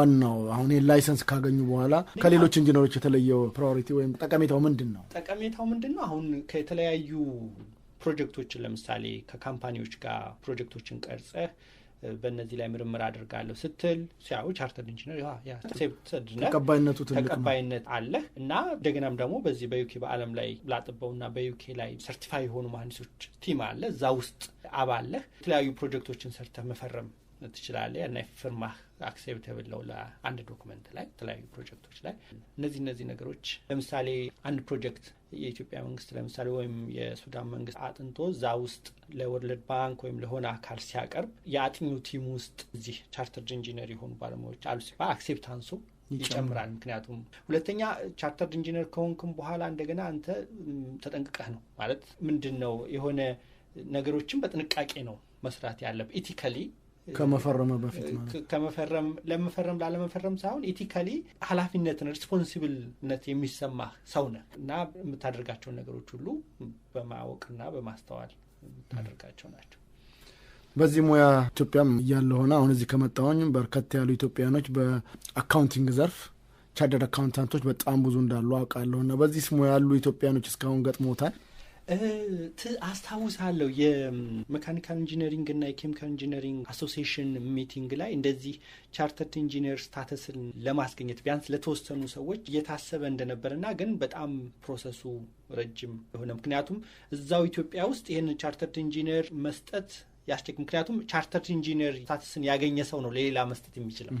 ዋናው አሁን ላይሰንስ ካገኙ በኋላ ከሌሎች ኢንጂነሮች የተለየው ፕራዮሪቲ ወይም ጠቀሜታው ምንድን ነው? ጠቀሜታው ምንድን ነው? አሁን ከተለያዩ ፕሮጀክቶችን ለምሳሌ ከካምፓኒዎች ጋር ፕሮጀክቶችን ቀርጸህ በእነዚህ ላይ ምርምር አድርጋለሁ ስትል ሲያዩ ቻርተር ኢንጂነር ተቀባይነቱ ተቀባይነት አለ እና እንደገናም ደግሞ በዚህ በዩኬ በዓለም ላይ ላጥበው እና በዩኬ ላይ ሰርቲፋይ የሆኑ መሀንዲሶች ቲም አለ። እዛ ውስጥ አባለህ የተለያዩ ፕሮጀክቶችን ሰርተህ መፈረም ትችላለህ እና ፊርማህ አክሴፕተብል ነው ለአንድ ዶክመንት ላይ የተለያዩ ፕሮጀክቶች ላይ እነዚህ እነዚህ ነገሮች ለምሳሌ አንድ ፕሮጀክት የኢትዮጵያ መንግስት ለምሳሌ ወይም የሱዳን መንግስት አጥንቶ እዛ ውስጥ ለወርልድ ባንክ ወይም ለሆነ አካል ሲያቀርብ የአጥኙ ቲም ውስጥ እዚህ ቻርተርድ ኢንጂነር የሆኑ ባለሙያዎች አሉ ሲባል አክሴፕታንሱ ይጨምራል። ምክንያቱም ሁለተኛ ቻርተርድ ኢንጂነር ከሆንክም በኋላ እንደገና አንተ ተጠንቅቀህ ነው ማለት ምንድን ነው የሆነ ነገሮችን በጥንቃቄ ነው መስራት ያለብህ ኢቲካሊ ከመፈረመ በፊት ከመፈረም ለመፈረም ላለመፈረም ሳይሆን ኢቲካሊ ኃላፊነትን ሪስፖንሲብልነት የሚሰማ ሰው ነ እና የምታደርጋቸውን ነገሮች ሁሉ በማወቅና በማስተዋል የምታደርጋቸው ናቸው። በዚህ ሙያ ኢትዮጵያም እያለ ሆነ አሁን እዚህ ከመጣሁኝ በርከት ያሉ ኢትዮጵያኖች በአካውንቲንግ ዘርፍ ቻደር አካውንታንቶች በጣም ብዙ እንዳሉ አውቃለሁ እና በዚህ ሙያ ያሉ ኢትዮጵያኖች እስካሁን ገጥሞታል አስታውሳለሁ የመካኒካል ኢንጂነሪንግ እና የኬሚካል ኢንጂነሪንግ አሶሲሽን ሚቲንግ ላይ እንደዚህ ቻርተርድ ኢንጂነር ስታተስን ለማስገኘት ቢያንስ ለተወሰኑ ሰዎች እየታሰበ እንደነበረና ግን በጣም ፕሮሰሱ ረጅም የሆነ ምክንያቱም እዛው ኢትዮጵያ ውስጥ ይህን ቻርተርድ ኢንጂነር መስጠት ያስቸግ ምክንያቱም ቻርተርድ ኢንጂነር ስታተስን ያገኘ ሰው ነው ለሌላ መስጠት የሚችለው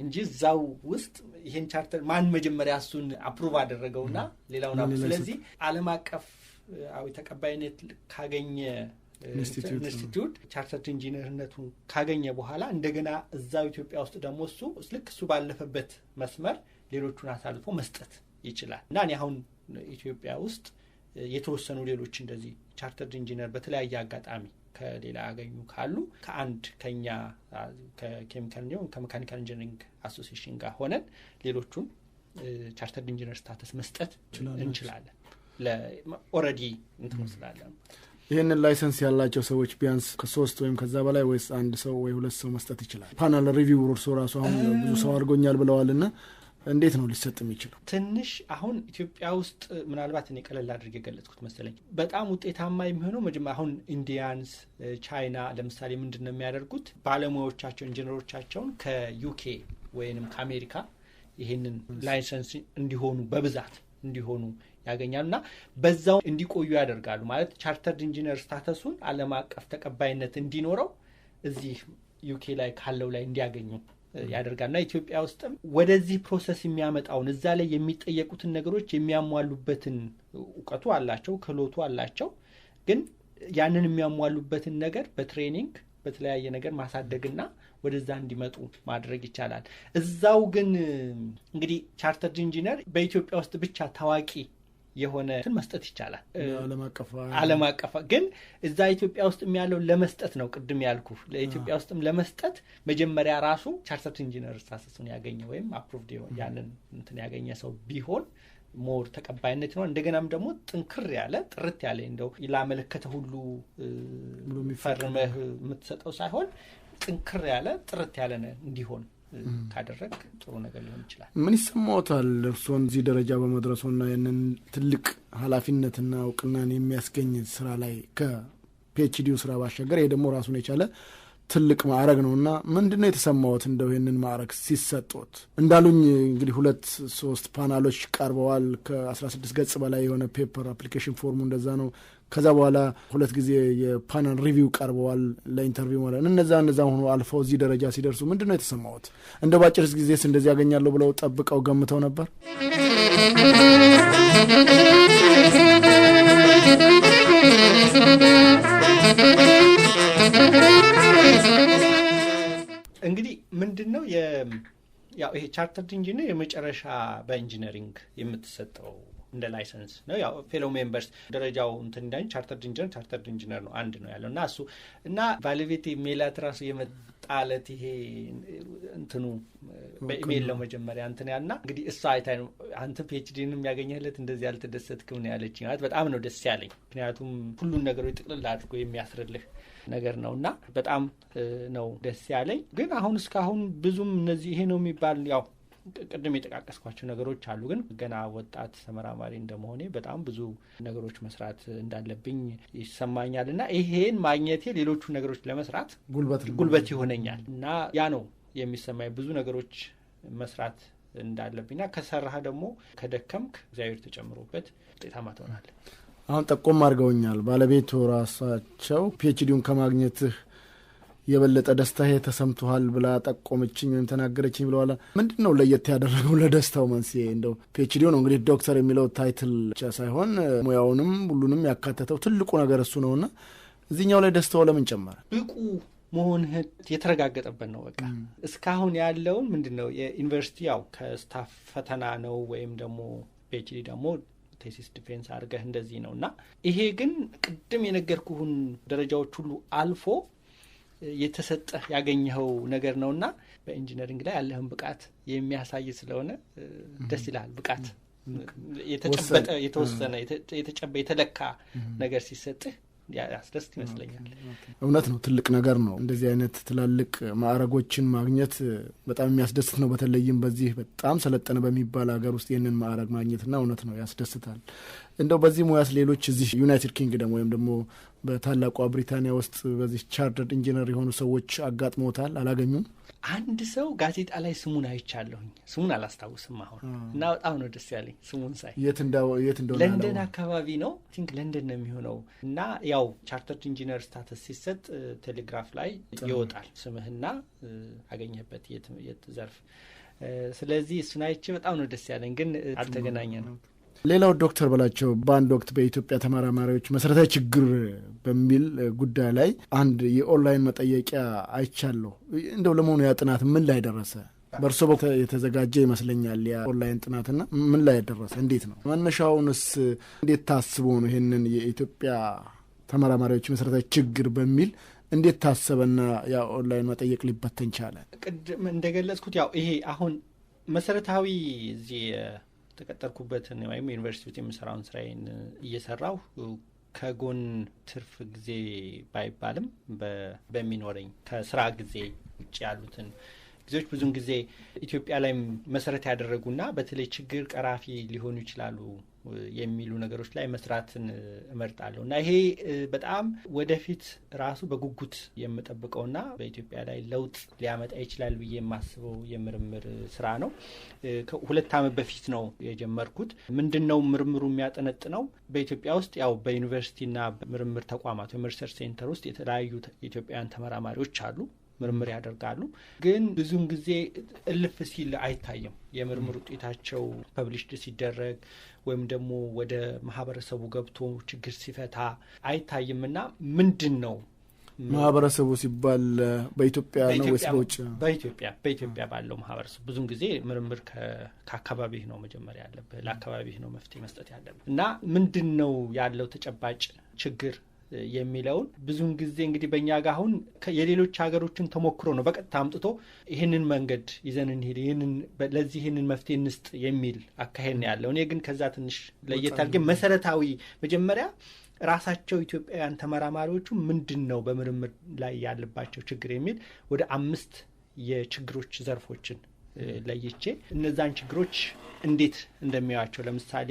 እንጂ እዛው ውስጥ ይሄን ቻርተር ማን መጀመሪያ እሱን አፕሩቭ አደረገውና ሌላውን ስለዚህ አለም አቀፍ አዊ ተቀባይነት ካገኘ ኢንስቲትዩት ቻርተርድ ኢንጂነርነቱን ካገኘ በኋላ እንደገና እዛው ኢትዮጵያ ውስጥ ደግሞ እሱ ልክ እሱ ባለፈበት መስመር ሌሎቹን አሳልፎ መስጠት ይችላል እና እኔ አሁን ኢትዮጵያ ውስጥ የተወሰኑ ሌሎች እንደዚህ ቻርተርድ ኢንጂነር በተለያየ አጋጣሚ ከሌላ ያገኙ ካሉ ከአንድ ከኛ ከኬሚካል ከመካኒካል ኢንጂነሪንግ አሶሲሽን ጋር ሆነን ሌሎቹን ቻርተርድ ኢንጂነር ስታተስ መስጠት እንችላለን። ኦረዲ እንትን ስላለ ይህንን ላይሰንስ ያላቸው ሰዎች ቢያንስ ከሶስት ወይም ከዛ በላይ ወይስ አንድ ሰው ወይ ሁለት ሰው መስጠት ይችላል? ፓናል ሪቪው እርሶ ራሱ አሁን ብዙ ሰው አድርጎኛል ብለዋል ና እንዴት ነው ሊሰጥ የሚችለው? ትንሽ አሁን ኢትዮጵያ ውስጥ ምናልባት እኔ ቀለል አድርግ የገለጽኩት መሰለኝ። በጣም ውጤታማ የሚሆነው መጀመ አሁን ኢንዲያንስ፣ ቻይና uh, ለምሳሌ ምንድን ነው የሚያደርጉት? ባለሙያዎቻቸው ኢንጂነሮቻቸውን ከዩኬ ወይንም ከአሜሪካ ይህንን ላይሰንስ እንዲሆኑ በብዛት እንዲሆኑ ያገኛሉ እና በዛው እንዲቆዩ ያደርጋሉ። ማለት ቻርተርድ ኢንጂነር ስታተሱን ዓለም አቀፍ ተቀባይነት እንዲኖረው እዚህ ዩኬ ላይ ካለው ላይ እንዲያገኙ ያደርጋል እና ኢትዮጵያ ውስጥም ወደዚህ ፕሮሰስ የሚያመጣውን እዛ ላይ የሚጠየቁትን ነገሮች የሚያሟሉበትን እውቀቱ አላቸው፣ ክህሎቱ አላቸው። ግን ያንን የሚያሟሉበትን ነገር በትሬኒንግ በተለያየ ነገር ማሳደግና ወደዛ እንዲመጡ ማድረግ ይቻላል። እዛው ግን እንግዲህ ቻርተርድ ኢንጂነር በኢትዮጵያ ውስጥ ብቻ ታዋቂ የሆነ እንትን መስጠት ይቻላል። አለም አቀፋ ግን እዛ ኢትዮጵያ ውስጥ ያለው ለመስጠት ነው። ቅድም ያልኩ ለኢትዮጵያ ውስጥም ለመስጠት መጀመሪያ ራሱ ቻርተርድ ኢንጂነር ሳሰሱን ያገኘ ወይም አፕሩቭድ ያንን እንትን ያገኘ ሰው ቢሆን ሞር ተቀባይነት ነው እንደገናም ደግሞ ጥንክር ያለ ጥርት ያለ እንደው ላመለከተ ሁሉ ፈርመህ የምትሰጠው ሳይሆን ጥንክር ያለ ጥርት ያለ እንዲሆን ካደረግ ጥሩ ነገር ሊሆን ይችላል። ምን ይሰማዎታል እርስዎን እዚህ ደረጃ በመድረሱና ያንን ትልቅ ኃላፊነትና እውቅናን የሚያስገኝ ስራ ላይ ከፒኤችዲው ስራ ባሻገር ይሄ ደግሞ ራሱን የቻለ ትልቅ ማዕረግ ነው እና ምንድን ነው የተሰማዎት? እንደው ይህንን ማዕረግ ሲሰጡት እንዳሉኝ እንግዲህ ሁለት ሶስት ፓናሎች ቀርበዋል። ከ16 ገጽ በላይ የሆነ ፔፐር አፕሊኬሽን ፎርሙ እንደዛ ነው። ከዛ በኋላ ሁለት ጊዜ የፓናል ሪቪው ቀርበዋል ለኢንተርቪው ማለት ነው። እነዛ እነዛ ሆኖ አልፈው እዚህ ደረጃ ሲደርሱ ምንድን ነው የተሰማሁት? እንደ ባጭርስ ጊዜስ እንደዚህ ያገኛለሁ ብለው ጠብቀው ገምተው ነበር? እንግዲህ ምንድን ነው ይሄ ቻርተርድ ኢንጂነር የመጨረሻ በኢንጂነሪንግ የምትሰጠው እንደ ላይሰንስ ነው። ያው ፌሎ ሜምበርስ ደረጃው እንትን እንዳኝ ቻርተርድ ኢንጂነር ቻርተርድ ኢንጂነር ነው አንድ ነው ያለው እና እሱ እና ቫሊቤት ሜላት ራሱ የመጣለት ይሄ እንትኑ በኢሜል ነው መጀመሪያ እንትን ና እንግዲህ እሷ አይታይ ነው አንተ ፒኤችዲንም የሚያገኘለት እንደዚህ ያልተደሰትክም ነው ያለች ማለት በጣም ነው ደስ ያለኝ። ምክንያቱም ሁሉን ነገሮች ጥቅልል አድርጎ የሚያስርልህ ነገር ነው እና በጣም ነው ደስ ያለኝ። ግን አሁን እስካሁን ብዙም እነዚህ ይሄ ነው የሚባል ያው ቅድም የጠቃቀስኳቸው ነገሮች አሉ። ግን ገና ወጣት ተመራማሪ እንደመሆኔ በጣም ብዙ ነገሮች መስራት እንዳለብኝ ይሰማኛል እና ይሄን ማግኘቴ ሌሎቹ ነገሮች ለመስራት ጉልበት ይሆነኛል እና ያ ነው የሚሰማኝ ብዙ ነገሮች መስራት እንዳለብኝና ከሰራህ ደግሞ ከደከምክ እግዚአብሔር ተጨምሮበት ውጤታማ ትሆናለህ። አሁን ጠቆም አድርገውኛል ባለቤቱ ራሳቸው ፒኤችዲውን ከማግኘትህ የበለጠ ደስታ ተሰምቶሃል ብላ ጠቆመችኝ ወይም ተናገረችኝ ብለዋላ። ምንድን ነው ለየት ያደረገው ለደስታው መንስኤ? እንደው ፒኤችዲው ነው እንግዲህ ዶክተር የሚለው ታይትል ብቻ ሳይሆን ሙያውንም ሁሉንም ያካተተው ትልቁ ነገር እሱ ነውና እዚህኛው ላይ ደስታው ለምን ጨመረ? ብቁ መሆንህን የተረጋገጠበት ነው። በቃ እስካሁን ያለው ምንድን ነው የዩኒቨርሲቲ ያው ከስታፍ ፈተና ነው ወይም ደግሞ ፒኤችዲ ደግሞ ቴሲስ ዲፌንስ አድርገህ እንደዚህ ነው እና ይሄ ግን ቅድም የነገርኩህን ደረጃዎች ሁሉ አልፎ የተሰጠ ያገኘኸው ነገር ነውና በኢንጂነሪንግ ላይ ያለህን ብቃት የሚያሳይ ስለሆነ ደስ ይላል። ብቃት የተጨበጠ የተወሰነ የተለካ ነገር ሲሰጥህ ያስደስት ይመስለኛል። እውነት ነው፣ ትልቅ ነገር ነው። እንደዚህ አይነት ትላልቅ ማዕረጎችን ማግኘት በጣም የሚያስደስት ነው። በተለይም በዚህ በጣም ሰለጠነ በሚባል ሀገር ውስጥ ይህንን ማዕረግ ማግኘትና እውነት ነው ያስደስታል። እንደው በዚህ ሙያስ ሌሎች እዚህ ዩናይትድ ኪንግደም ወይም ደግሞ በታላቋ ብሪታንያ ውስጥ በዚህ ቻርተርድ ኢንጂነር የሆኑ ሰዎች አጋጥመውታል? አላገኙም? አንድ ሰው ጋዜጣ ላይ ስሙን አይቻለሁኝ። ስሙን አላስታውስም አሁን እና በጣም ነው ደስ ያለኝ ስሙን ሳይ። የት እንደሆነ ለንደን አካባቢ ነው ቲንክ ለንደን ነው የሚሆነው። እና ያው ቻርተርድ ኢንጂነር ስታተስ ሲሰጥ ቴሌግራፍ ላይ ይወጣል ስምህና አገኘበት የት ዘርፍ። ስለዚህ እሱን አይቼ በጣም ነው ደስ ያለኝ፣ ግን አልተገናኘ ነው ሌላው ዶክተር በላቸው በአንድ ወቅት በኢትዮጵያ ተመራማሪዎች መሰረታዊ ችግር በሚል ጉዳይ ላይ አንድ የኦንላይን መጠየቂያ አይቻለሁ። እንደው ለመሆኑ ያ ጥናት ምን ላይ ደረሰ? በእርሶ የተዘጋጀ ይመስለኛል። ያ ኦንላይን ጥናትና ምን ላይ ደረሰ? እንዴት ነው መነሻውንስ? እንዴት ታስቦ ነው ይህንን የኢትዮጵያ ተመራማሪዎች መሰረታዊ ችግር በሚል እንዴት ታሰበና ያ ኦንላይን መጠየቅ ሊበተን ቻለ? ቅድም እንደገለጽኩት ያው ይሄ አሁን መሰረታዊ እዚህ የተቀጠርኩበትን ወይም ዩኒቨርሲቲ ውስጥ የምሰራውን ስራዬን እየሰራሁ ከጎን ትርፍ ጊዜ ባይባልም በሚኖረኝ ከስራ ጊዜ ውጭ ያሉትን ጊዜዎች ብዙን ጊዜ ኢትዮጵያ ላይ መሰረት ያደረጉና በተለይ ችግር ቀራፊ ሊሆኑ ይችላሉ የሚሉ ነገሮች ላይ መስራትን እመርጣለሁ እና ይሄ በጣም ወደፊት ራሱ በጉጉት የምጠብቀውና በኢትዮጵያ ላይ ለውጥ ሊያመጣ ይችላል ብዬ የማስበው የምርምር ስራ ነው። ከሁለት ዓመት በፊት ነው የጀመርኩት። ምንድን ነው ምርምሩ የሚያጠነጥነው? በኢትዮጵያ ውስጥ ያው በዩኒቨርሲቲና በምርምር ተቋማት ወይም ሪሰርች ሴንተር ውስጥ የተለያዩ የኢትዮጵያውያን ተመራማሪዎች አሉ ምርምር ያደርጋሉ። ግን ብዙውን ጊዜ እልፍ ሲል አይታይም። የምርምር ውጤታቸው ፐብሊሽድ ሲደረግ ወይም ደግሞ ወደ ማህበረሰቡ ገብቶ ችግር ሲፈታ አይታይም እና ምንድን ነው ማህበረሰቡ ሲባል በኢትዮጵያ ነው ወይስ በውጭ? በኢትዮጵያ በኢትዮጵያ ባለው ማህበረሰብ ብዙን ጊዜ ምርምር ከአካባቢህ ነው መጀመሪያ ያለብህ፣ ለአካባቢህ ነው መፍትሄ መስጠት ያለብህ እና ምንድን ነው ያለው ተጨባጭ ችግር የሚለውን ብዙውን ጊዜ እንግዲህ በእኛ ጋር አሁን የሌሎች ሀገሮችን ተሞክሮ ነው በቀጥታ አምጥቶ ይህንን መንገድ ይዘን እንሄድ ለዚህ ይህንን መፍትሄ እንስጥ የሚል አካሄድ ነው ያለው። እኔ ግን ከዛ ትንሽ ለየት መሰረታዊ መጀመሪያ ራሳቸው ኢትዮጵያውያን ተመራማሪዎቹ ምንድን ነው በምርምር ላይ ያለባቸው ችግር የሚል ወደ አምስት የችግሮች ዘርፎችን ለይቼ እነዛን ችግሮች እንዴት እንደሚያዩዋቸው ለምሳሌ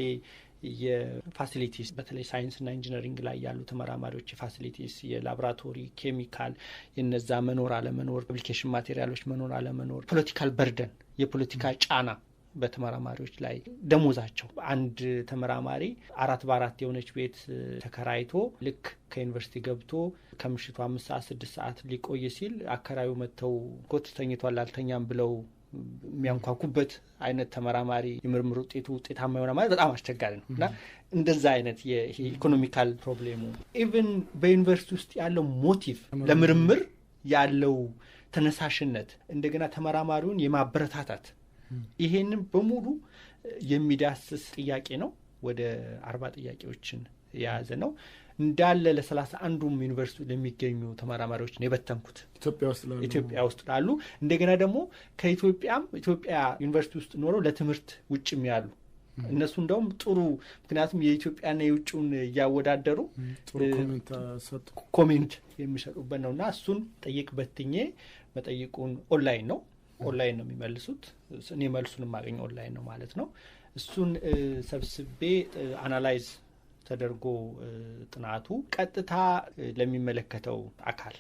የፋሲሊቲስ በተለይ ሳይንስና ኢንጂነሪንግ ላይ ያሉ ተመራማሪዎች የፋሲሊቲስ የላቦራቶሪ ኬሚካል የነዛ መኖር አለመኖር፣ ፐብሊኬሽን ማቴሪያሎች መኖር አለመኖር፣ ፖለቲካል በርደን የፖለቲካ ጫና በተመራማሪዎች ላይ ደሞዛቸው አንድ ተመራማሪ አራት በአራት የሆነች ቤት ተከራይቶ ልክ ከዩኒቨርሲቲ ገብቶ ከምሽቱ አምስት ሰዓት ስድስት ሰዓት ሊቆይ ሲል አከራዩ መጥተው ኮት ተኝቷል አልተኛም ብለው የሚያንኳኩበት አይነት ተመራማሪ የምርምር ውጤቱ ውጤታማ የሆነ ማለት በጣም አስቸጋሪ ነው እና እንደዛ አይነት የኢኮኖሚካል ፕሮብሌሙ ኢቨን በዩኒቨርሲቲ ውስጥ ያለው ሞቲቭ ለምርምር ያለው ተነሳሽነት እንደገና ተመራማሪውን የማበረታታት ይሄንን በሙሉ የሚዳስስ ጥያቄ ነው። ወደ አርባ ጥያቄዎችን የያዘ ነው። እንዳለ ለሰላሳ አንዱም ዩኒቨርሲቲ ለሚገኙ ተመራማሪዎች ነው የበተንኩት ኢትዮጵያ ውስጥ ላሉ። እንደገና ደግሞ ከኢትዮጵያም ኢትዮጵያ ዩኒቨርሲቲ ውስጥ ኖረው ለትምህርት ውጭም ያሉ እነሱ እንደውም ጥሩ ምክንያቱም የኢትዮጵያና የውጭውን እያወዳደሩ ኮሜንት የሚሰጡበት ነው እና እሱን ጠይቅ በትኜ መጠይቁን ኦንላይን ነው ኦንላይን ነው የሚመልሱት። እኔ መልሱን የማገኘው ኦንላይን ነው ማለት ነው። እሱን ሰብስቤ አናላይዝ ተደርጎ ጥናቱ ቀጥታ ለሚመለከተው አካል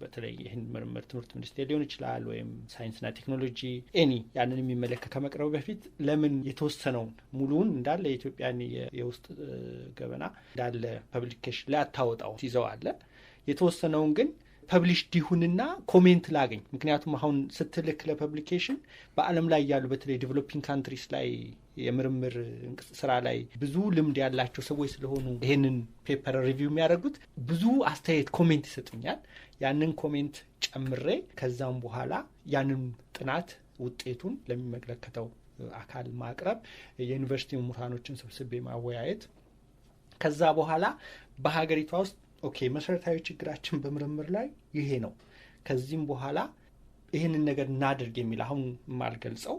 በተለይ ይህን ምርምር ትምህርት ሚኒስቴር ሊሆን ይችላል ወይም ሳይንስና ቴክኖሎጂ ኤኒ ያንን የሚመለከት ከመቅረቡ በፊት ለምን የተወሰነውን ሙሉውን እንዳለ የኢትዮጵያን የውስጥ ገበና እንዳለ ፐብሊኬሽን ላይ አታወጣው ይዘው አለ የተወሰነውን ግን ፐብሊሽድ ይሁንና ኮሜንት ላገኝ። ምክንያቱም አሁን ስትልክ ለፐብሊኬሽን በዓለም ላይ ያሉ በተለይ ዴቨሎፒንግ ካንትሪስ ላይ የምርምር ስራ ላይ ብዙ ልምድ ያላቸው ሰዎች ስለሆኑ ይህንን ፔፐር ሪቪው የሚያደርጉት ብዙ አስተያየት ኮሜንት ይሰጡኛል። ያንን ኮሜንት ጨምሬ ከዛም በኋላ ያንን ጥናት ውጤቱን ለሚመለከተው አካል ማቅረብ፣ የዩኒቨርሲቲ ምሁራኖችን ሰብስቤ ማወያየት ከዛ በኋላ በሀገሪቷ ውስጥ ኦኬ መሰረታዊ ችግራችን በምርምር ላይ ይሄ ነው። ከዚህም በኋላ ይህንን ነገር እናድርግ የሚል አሁን የማልገልጸው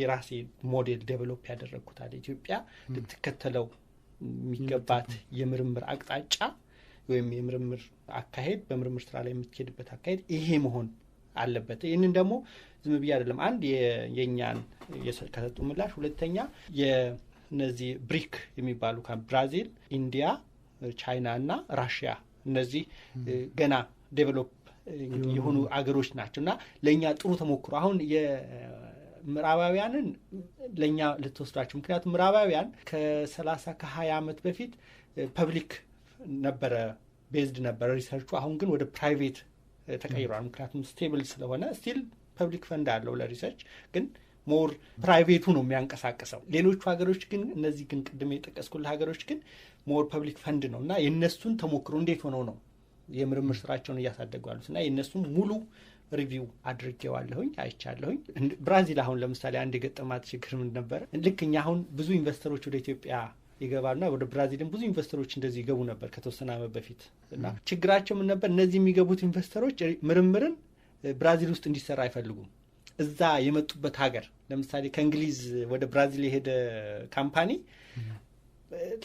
የራሴ ሞዴል ዴቨሎፕ ያደረግኩታል ኢትዮጵያ ልትከተለው የሚገባት የምርምር አቅጣጫ ወይም የምርምር አካሄድ በምርምር ስራ ላይ የምትሄድበት አካሄድ ይሄ መሆን አለበት። ይህንን ደግሞ ዝም ብዬ አይደለም አንድ የእኛን ከሰጡ ምላሽ፣ ሁለተኛ የእነዚህ ብሪክ የሚባሉ ብራዚል፣ ኢንዲያ ቻይና እና ራሽያ እነዚህ ገና ዴቨሎፕ የሆኑ አገሮች ናቸው እና ለእኛ ጥሩ ተሞክሮ አሁን የምዕራባውያንን ለእኛ ልትወስዷቸው ምክንያቱም ምዕራባውያን ከሰላሳ ከሀያ ዓመት በፊት ፐብሊክ ነበረ ቤዝድ ነበረ ሪሰርቹ። አሁን ግን ወደ ፕራይቬት ተቀይሯል። ምክንያቱም ስቴብል ስለሆነ ስቲል ፐብሊክ ፈንድ አለው ለሪሰርች ግን ሞር ፕራይቬቱ ነው የሚያንቀሳቅሰው። ሌሎቹ ሀገሮች ግን እነዚህ ግን ቅድም የጠቀስኩል ሀገሮች ግን ሞር ፐብሊክ ፈንድ ነው እና የእነሱን ተሞክሮ እንዴት ሆነው ነው የምርምር ስራቸውን እያሳደጉ ያሉት እና የእነሱን ሙሉ ሪቪው አድርጌዋለሁኝ አይቻለሁኝ። ብራዚል አሁን ለምሳሌ አንድ የገጠማት ችግር ምን ነበር? ልክ እኛ አሁን ብዙ ኢንቨስተሮች ወደ ኢትዮጵያ ይገባሉና ወደ ብራዚልም ብዙ ኢንቨስተሮች እንደዚህ ይገቡ ነበር ከተወሰነ ዓመት በፊት እና ችግራቸው ምን ነበር? እነዚህ የሚገቡት ኢንቨስተሮች ምርምርን ብራዚል ውስጥ እንዲሰራ አይፈልጉም። እዛ የመጡበት ሀገር ለምሳሌ ከእንግሊዝ ወደ ብራዚል የሄደ ካምፓኒ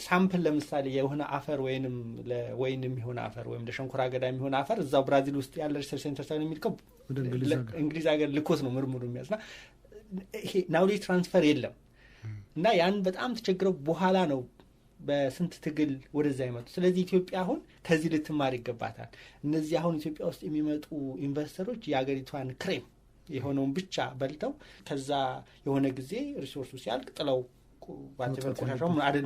ሳምፕል ለምሳሌ የሆነ አፈር ወይንም ለወይን የሚሆን አፈር ወይም ለሸንኮራ አገዳ የሚሆን አፈር እዛው ብራዚል ውስጥ ያለ ሪሰርች ሴንተር ሳይሆን የሚልከው እንግሊዝ ሀገር ልኮት ነው ምርምሩ የሚያዝና ይሄ ናውሌጅ ትራንስፈር የለም እና ያን በጣም ተቸግረው በኋላ ነው በስንት ትግል ወደዛ ይመጡ። ስለዚህ ኢትዮጵያ አሁን ከዚህ ልትማር ይገባታል። እነዚህ አሁን ኢትዮጵያ ውስጥ የሚመጡ ኢንቨስተሮች የአገሪቷን ክሬም የሆነውን ብቻ በልተው ከዛ የሆነ ጊዜ ሪሶርሱ ሲያልቅ ጥለው ባቸበር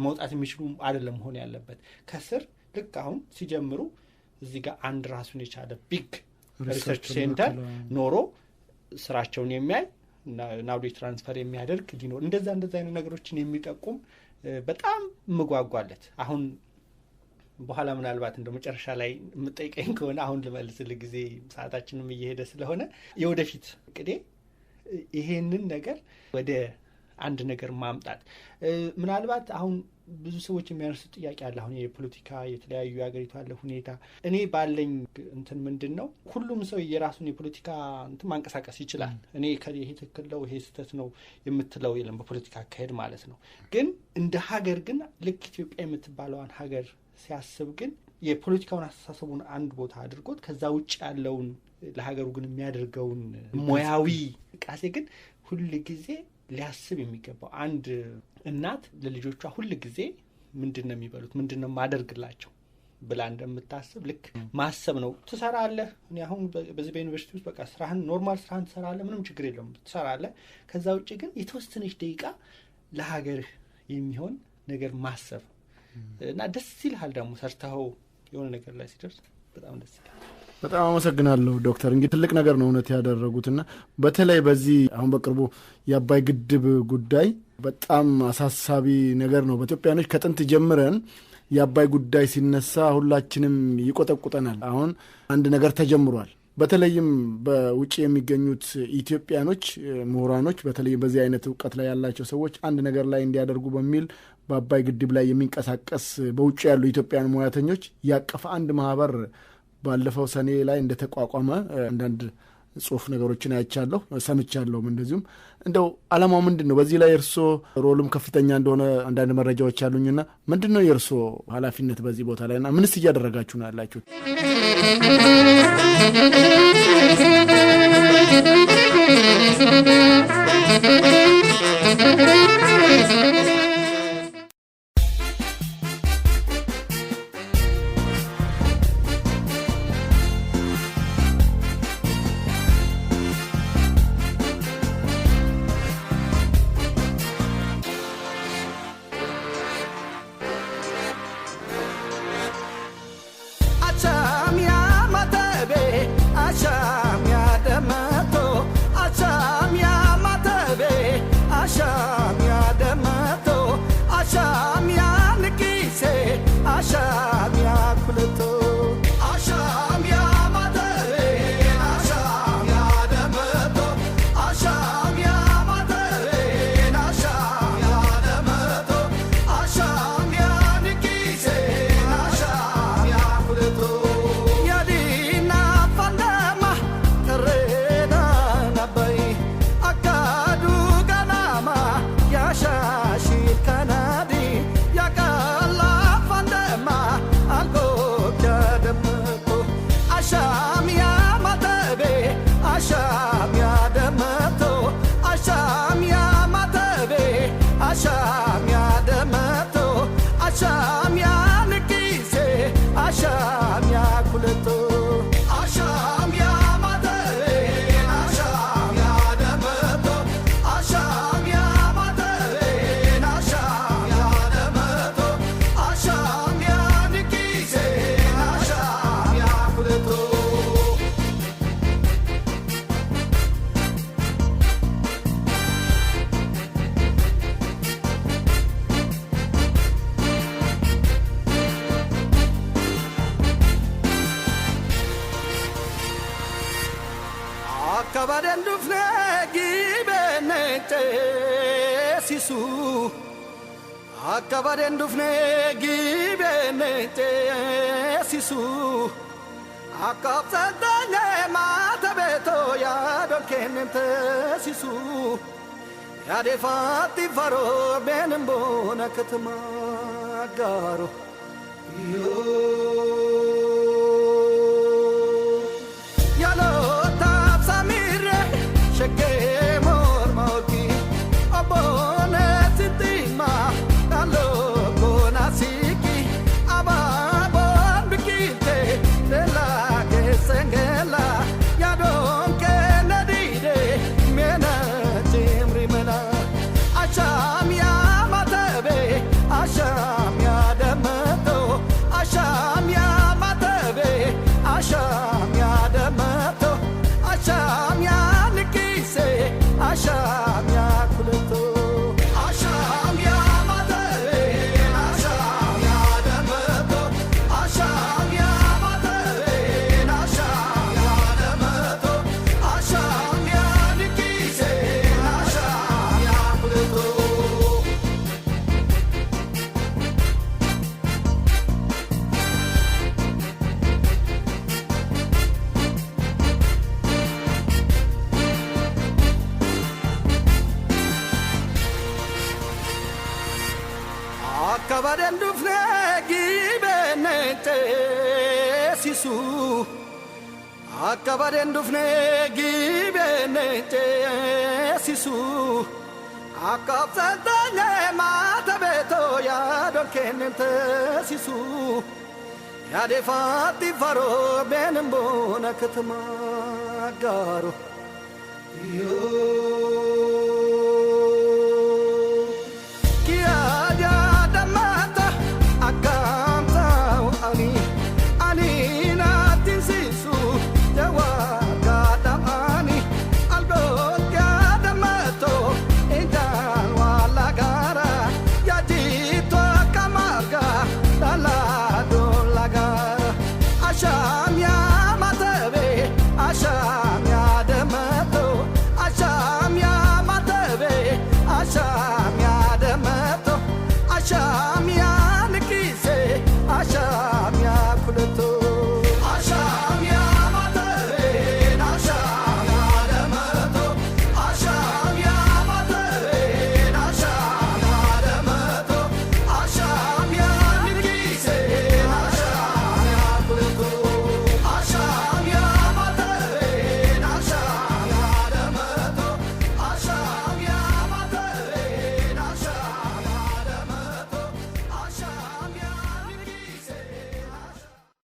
መውጣት የሚችሉ አይደለም መሆን ያለበት። ከስር ልክ አሁን ሲጀምሩ እዚህ ጋር አንድ ራሱን የቻለ ቢግ ሪሰርች ሴንተር ኖሮ ስራቸውን የሚያይ ናውዴ ትራንስፈር የሚያደርግ ሊኖር እንደዛ እንደዛ አይነት ነገሮችን የሚጠቁም በጣም ምጓጓለት አሁን በኋላ ምናልባት እንደ መጨረሻ ላይ የምጠይቀኝ ከሆነ አሁን ልመልስል ጊዜ ሰዓታችንም እየሄደ ስለሆነ የወደፊት እቅዴ ይሄንን ነገር ወደ አንድ ነገር ማምጣት ምናልባት አሁን ብዙ ሰዎች የሚያነሱ ጥያቄ አለ። አሁን የፖለቲካ የተለያዩ የሀገሪቱ ያለ ሁኔታ እኔ ባለኝ እንትን ምንድን ነው ሁሉም ሰው የራሱን የፖለቲካ እንትን ማንቀሳቀስ ይችላል። እኔ ይሄ ትክክል ነው፣ ይሄ ስህተት ነው የምትለው የለም፣ በፖለቲካ አካሄድ ማለት ነው። ግን እንደ ሀገር ግን ልክ ኢትዮጵያ የምትባለዋን ሀገር ሲያስብ ግን የፖለቲካውን አስተሳሰቡን አንድ ቦታ አድርጎት ከዛ ውጭ ያለውን ለሀገሩ ግን የሚያደርገውን ሙያዊ ቃሴ ግን ሁል ጊዜ ሊያስብ የሚገባው አንድ እናት ለልጆቿ ሁል ጊዜ ምንድን ነው የሚበሉት፣ ምንድን ነው ማደርግላቸው ብላ እንደምታስብ ልክ ማሰብ ነው። ትሰራለህ። እኔ አሁን በዚህ በዩኒቨርሲቲ ውስጥ በቃ ስራህን ኖርማል ስራህን ትሰራለህ፣ ምንም ችግር የለውም ትሰራለህ። ከዛ ውጭ ግን የተወሰነች ደቂቃ ለሀገርህ የሚሆን ነገር ማሰብ እና ደስ ይልሃል ደግሞ ሰርተኸው የሆነ ነገር ላይ ሲደርስ በጣም ደስ ይላል። በጣም አመሰግናለሁ ዶክተር። እንግዲህ ትልቅ ነገር ነው እውነት ያደረጉትና በተለይ በዚህ አሁን በቅርቡ የአባይ ግድብ ጉዳይ በጣም አሳሳቢ ነገር ነው። በኢትዮጵያኖች ከጥንት ጀምረን የአባይ ጉዳይ ሲነሳ ሁላችንም ይቆጠቁጠናል። አሁን አንድ ነገር ተጀምሯል። በተለይም በውጭ የሚገኙት ኢትዮጵያኖች ምሁራኖች፣ በተለይ በዚህ አይነት እውቀት ላይ ያላቸው ሰዎች አንድ ነገር ላይ እንዲያደርጉ በሚል በአባይ ግድብ ላይ የሚንቀሳቀስ በውጭ ያሉ ኢትዮጵያን ሙያተኞች ያቀፈ አንድ ማህበር ባለፈው ሰኔ ላይ እንደተቋቋመ አንዳንድ ጽሁፍ ነገሮችን አይቻለሁ ሰምቻለሁም። እንደዚሁም እንደው አላማው ምንድን ነው? በዚህ ላይ እርሶ ሮሉም ከፍተኛ እንደሆነ አንዳንድ መረጃዎች አሉኝና ምንድን ነው የእርሶ ኃላፊነት በዚህ ቦታ ላይ እና ምንስ እያደረጋችሁ ነው ያላችሁት? Thank you. akka badeen dufne gibeennete eessisu akka obsaddaanye maata beetoo yaadon kennem teessisu yaadefatti faroo beenem boona katama gaaro yoo. Avaren dufne gibenete sisu Akavaren dufne gibenete sisu Akapsatane matabeto ya donkenente sisu ያደፋት ፋሮ ቤንም ቦነ ከተማ ጋሩ